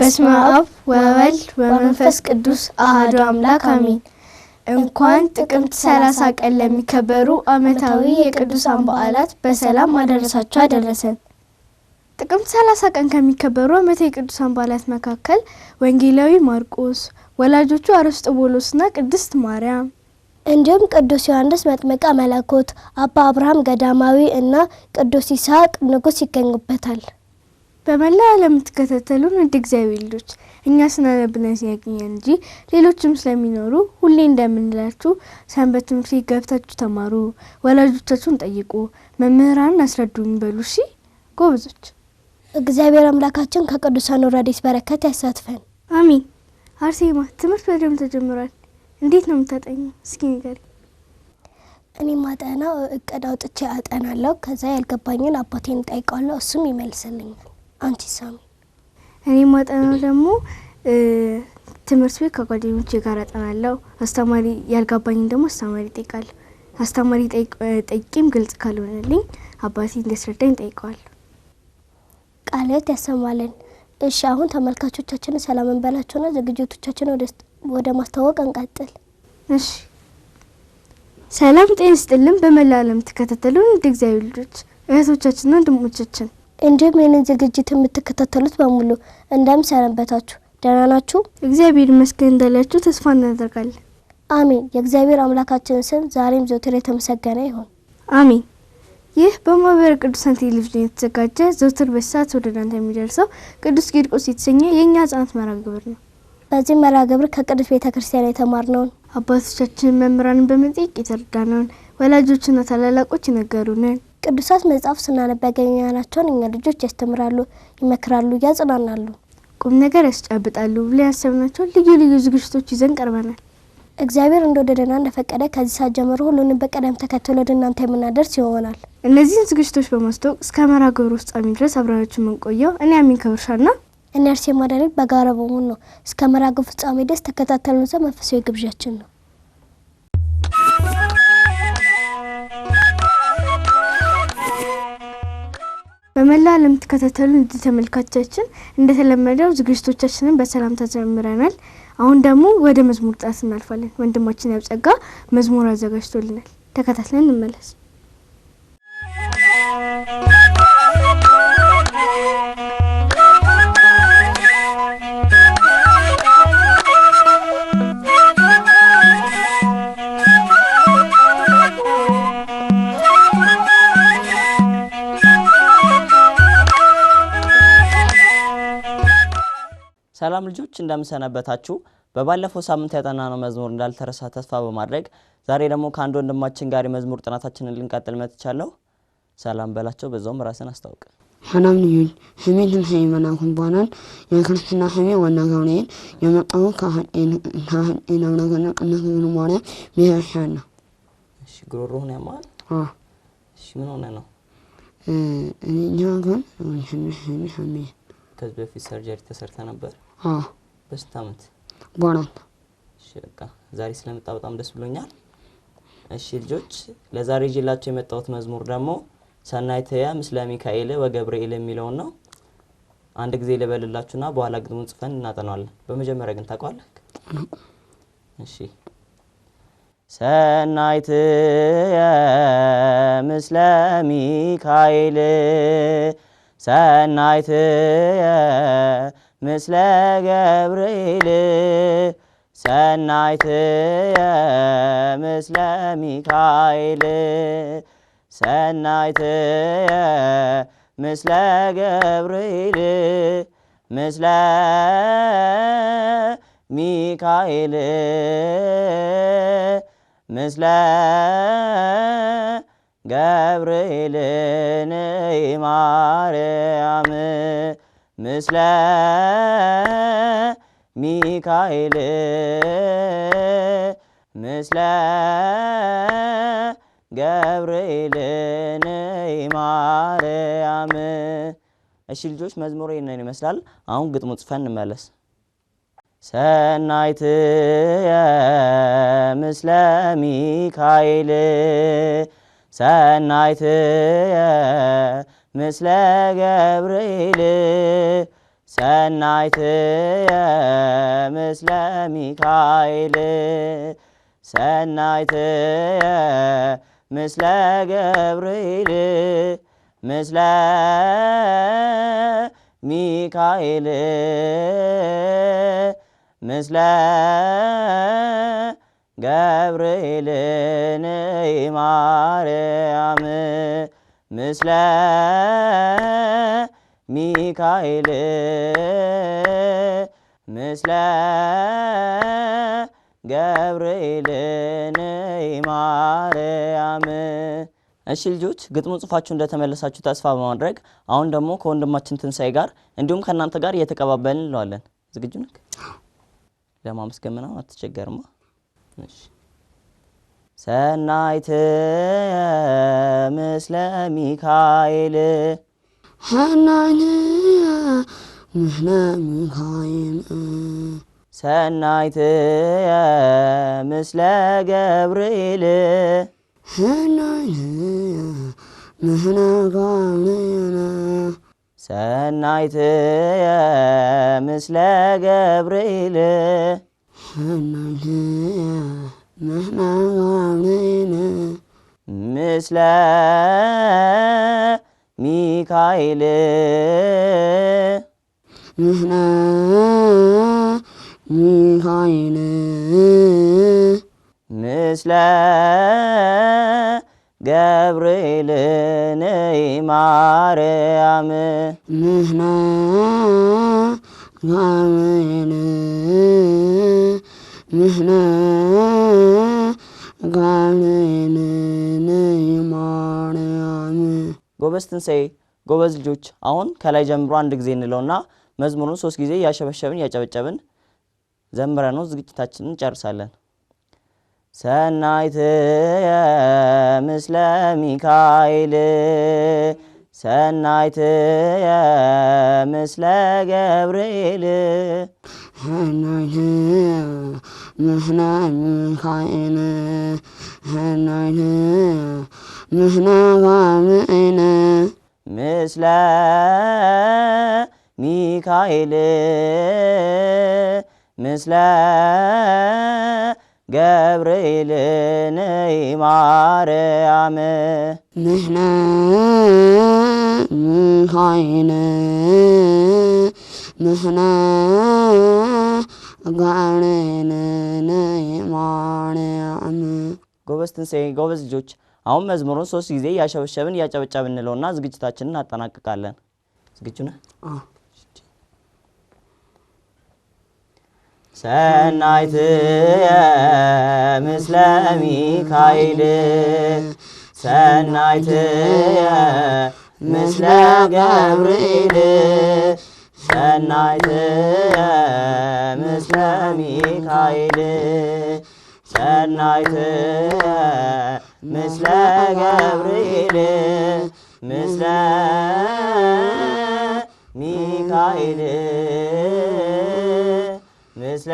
በስመ አብ ወወልድ ወመንፈስ ቅዱስ አህዶ አምላክ አሜን። እንኳን ጥቅምት ሰላሳ ቀን ለሚከበሩ ዓመታዊ የቅዱሳን በዓላት በሰላም አደረሳቸው አደረሰን። ጥቅምት ሰላሳ ቀን ከሚከበሩ ዓመታዊ የቅዱሳን በዓላት መካከል ወንጌላዊ ማርቆስ፣ ወላጆቹ አርስጥቦሎስና ቅድስት ማርያም እንዲሁም ቅዱስ ዮሐንስ መጥመቃ መለኮት፣ አባ አብርሃም ገዳማዊ እና ቅዱስ ይስሐቅ ንጉሥ ይገኙበታል። በመላ ዓለም የምትከታተሉን ውድ እግዚአብሔር ልጆች እኛ ስናነብነ ሲያገኘን እንጂ ሌሎችም ስለሚኖሩ ሁሌ እንደምንላችሁ ሰንበት ትምህርት ቤት ገብታችሁ ተማሩ፣ ወላጆቻችሁን ጠይቁ፣ መምህራንን አስረዱ በሉ። እሺ ጎበዞች። እግዚአብሔር አምላካችን ከቅዱሳን ወራዴስ በረከት ያሳትፈን፣ አሚን። አርሴማ ትምህርት በደም ተጀምሯል። እንዴት ነው የምታጠኘው? እስኪ ንገሪ። እኔ ማጠናው እቅድ አውጥቼ አጠናለሁ። ከዛ ያልገባኝን አባቴን እጠይቀዋለሁ፣ እሱም ይመልስልኛል። አንቺ ሳሚ? እኔ ማጠናው ደግሞ ትምህርት ቤት ከጓደኞቼ ጋር አጠናለሁ። አስተማሪ ያልጋባኝን ደግሞ አስተማሪ ይጠይቃል። አስተማሪ ጠይቄም ግልጽ ካልሆነልኝ አባቴ እንዲያስረዳኝ ጠይቀዋል። ቃለት ያሰማልን። እሺ አሁን ተመልካቾቻችንን ሰላም እንበላቸውና ዝግጅቶቻችን ወደ ማስተዋወቅ እንቀጥል። እሺ ሰላም ጤና ይስጥልን። በመላው ዓለም የምትከታተሉን እንደ እግዚአብሔር ልጆች እህቶቻችንና ወንድሞቻችን እንዲሁም ይህንን ዝግጅት የምትከታተሉት በሙሉ እንደምሰነበታችሁ ደህና ናችሁ? እግዚአብሔር ይመስገን እንዳላችሁ ተስፋ እናደርጋለን። አሜን። የእግዚአብሔር አምላካችን ስም ዛሬም ዘውትር የተመሰገነ ይሁን። አሜን። ይህ በማህበረ ቅዱሳን ቴሌቪዥን የተዘጋጀ ዘውትር በሳት ወደ እናንተ የሚደርሰው ቅዱስ ቂርቆስ የተሰኘ የእኛ ህጻናት መርሃ ግብር ነው። በዚህ መርሃ ግብር ከቅዱስ ቤተ ክርስቲያን የተማርነውን አባቶቻችንን መምህራንን በመጠየቅ የተረዳነውን ወላጆችና ታላላቆች ይነገሩንን ቅዱሳት መጽሐፍ ስናነብ ያገኘናቸውን እኛ ልጆች ያስተምራሉ፣ ይመክራሉ፣ ያጽናናሉ፣ ቁም ነገር ያስጨብጣሉ ብለን ያሰብናቸውን ልዩ ልዩ ዝግጅቶች ይዘን ቀርበናል። እግዚአብሔር እንደወደደና እንደፈቀደ ከዚህ ሰዓት ጀምሮ ሁሉንም በቀደም ተከትሎ ወደ እናንተ የምናደርስ ይሆናል። እነዚህን ዝግጅቶች በማስታወቅ እስከ መርሃ ግብሩ ፍጻሜ ድረስ አብራናችን የምንቆየው እኔ አሚን ከብርሻና እኔ አርሴማ ዳንኤል በጋራ በመሆን ነው። እስከ መርሃ ግብሩ ፍጻሜ ድረስ ተከታተሉን። ሰ መንፈሳዊ ግብዣችን ነው። በመላ ዓለም ተከታተሉ እንድ እንደተለመደው ዝግጅቶቻችንን በሰላም ተጀምረናል። አሁን ደግሞ ወደ መዝሙር ጣት እናልፋለን። ወንድማችን ያብጸጋ መዝሙር አዘጋጅቶልናል። ተከታትለን እንመለስ። ሰላም ልጆች እንደምሰነበታችሁ። በባለፈው ሳምንት ያጠናነው መዝሙር እንዳልተረሳ ተስፋ በማድረግ ዛሬ ደግሞ ከአንድ ወንድማችን ጋር የመዝሙር ጥናታችንን ልንቀጥል መጥቻለሁ። ሰላም በላቸው፣ በዛውም ራስን አስታውቅ። ሰላም ልጆች፣ ስሜ ትንሣኤ መላኩ ይባላል። የክርስትና ስሜ ዋና ገብርኤል። የመጣሁ ከሀጤን አምናገና ቅነት ብሉ ማርያም ቤተክርስቲያን ነው። ጉሮሮህን ያማል? ምን ሆነ ነው? እኛ ግን ትንሽ ትንሽ ከዚህ በፊት ሰርጀሪ ተሰርተ ነበር በስንት ዓመት ቦና እሺ በቃ ዛሬ ስለመጣ በጣም ደስ ብሎኛል እሺ ልጆች ለዛሬ ይዤላቸው የመጣሁት መዝሙር ደግሞ ሰናይትያ ምስለ ሚካኤል ወገብርኤል የሚለውን ነው አንድ ጊዜ ልበልላችሁና በኋላ ግጥሙን ጽፈን እናጠናዋለን በመጀመሪያ ግን ታውቀዋለህ እሺ ሰናይትየ ምስለ ሚካኤል ሰናይትየ ምስለ ገብርኤል ሰናይትየ ምስለ ሚካኤል ሰናይትየ ምስለ ገብርኤል ምስለ ሚካኤል ምስለ ገብርኤል ንማርያም ምስለ ሚካኤል ምስለ ገብርኤል ማርያም። እሺ ልጆች መዝሙር ይህንን ይመስላል። አሁን ግጥሙ ጽፈን እንመለስ። ሰናይትየ ምስለ ሚካኤል ሰናይትየ ምስለ ገብርኤል ሰናይትየ ምስለ ሚካኤል ሰናይትየ ምስለ ገብርኤል ምስለ ሚካኤል ምስለ ገብርኤል ንማርያም ምስለ ሚካኤል ምስለ ገብርኤል ማርያም። እሺ ልጆች ግጥሙ ጽፋችሁ እንደተመለሳችሁ ተስፋ በማድረግ አሁን ደግሞ ከወንድማችን ትንሳኤ ጋር እንዲሁም ከእናንተ ጋር እየተቀባበልን እንለዋለን። ዝግጁ ነህ? ለማመስገን ምናምን አትቸገርማ። እሺ ሰናይት ምስለ ሚካኤል ሰናይት ምስለ ሚካኤል ሰናይት ምስለ ገብርኤል ሰናይት ምስለ ገብርኤል ሰናይት ምስለ ገብርኤል مثل ሚካኤል ንሕና ሚካኤል ምስለ ገብርኤል ንማርያም ንሕና ገብርኤል ንሕና ጎበዝ ትንሣኤ ጎበዝ ልጆች አሁን ከላይ ጀምሮ አንድ ጊዜ እንለውና መዝሙሩን ሶስት ጊዜ እያሸበሸብን እያጨበጨብን ዘምረ ነው ዝግጅታችንን እንጨርሳለን። ሰናይት ምስለ ሚካኤል ሰናይት ምስለ ገብርኤል Mühne hayne henayne Mühne varine Misle Mikail'i Misle Gebril'in ey Maryam Mühne Mikail'i Mühne ጎበዝ ትንሣኤ፣ ጎበዝ ልጆች። አሁን መዝሙሩን ሶስት ጊዜ እያሸበሸብን እያጨበጨብን እንለውና ዝግጅታችንን እናጠናቅቃለን። ዝግጁ ነህ? ሰናይትየ ምስለ ሚካኤል ሰናይትየ ምስለ ገብርኤል ሰናይትየ ምስለ ሚካኤል ምስለ ገብርኤል ምስለ ሚካኤል ምስለ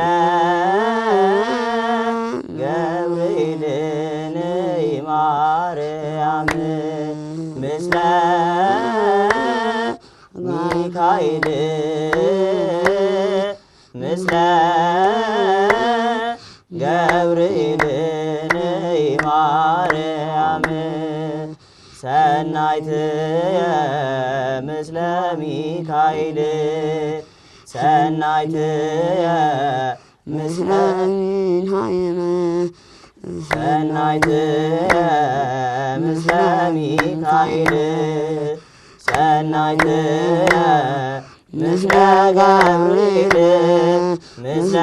ማርያም ሰናይትየ ምስለ ሚካኤል ምስለ ሚካኤል ምስለ ሚካኤል ምስለ ገብርኤል ምስለ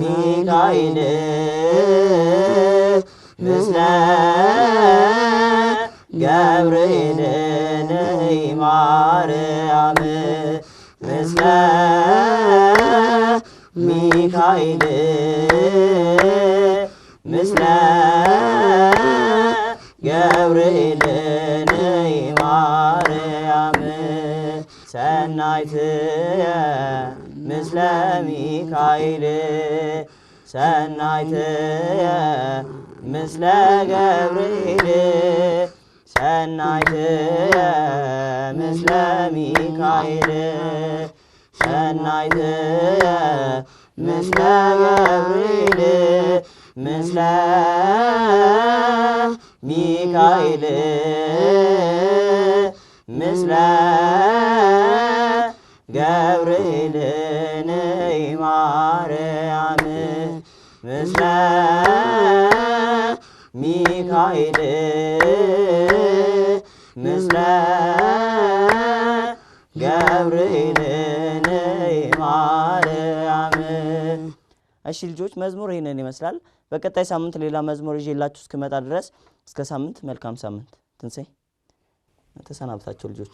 ሚካኤል ገብርኤል ንሕይ ማርያም ምስለ ሚካኤል ምስለ ገብርኤል ንሕይ ማርያም ሰናይትየ ምስለ ሚካኤል ሰናይትየ ምስለ ገብርኤል ሰናይትየ ምስለ ሚካኤል ሰናይትየ ምስለ ገብርኤል ምስለ ሚካኤል ምስለ ገብርኤል ንማርያም ምስለ ሚካኤል ምስለ ገብርኤል ማርያም። እሺ ልጆች መዝሙር ይህንን ይመስላል። በቀጣይ ሳምንት ሌላ መዝሙር ይዤላችሁ እስክመጣ ድረስ እስከ ሳምንት መልካም ሳምንት። ትንሣኤ ተሰናብታቸው ልጆች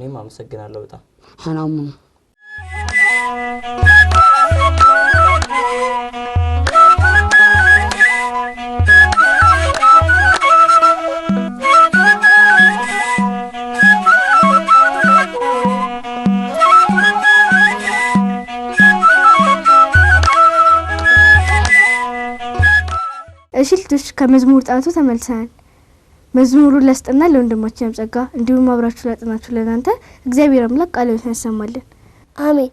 እኔም አመሰግናለሁ በጣም እሺ ከመዝሙር ጣቱ ተመልሰናል። መዝሙሩን ላስጠና ለወንድማችን ያምጸጋ እንዲሁም አብራችሁ ላጥናችሁ ለናንተ እግዚአብሔር አምላክ ቃሉን ያሰማልን። አሜን።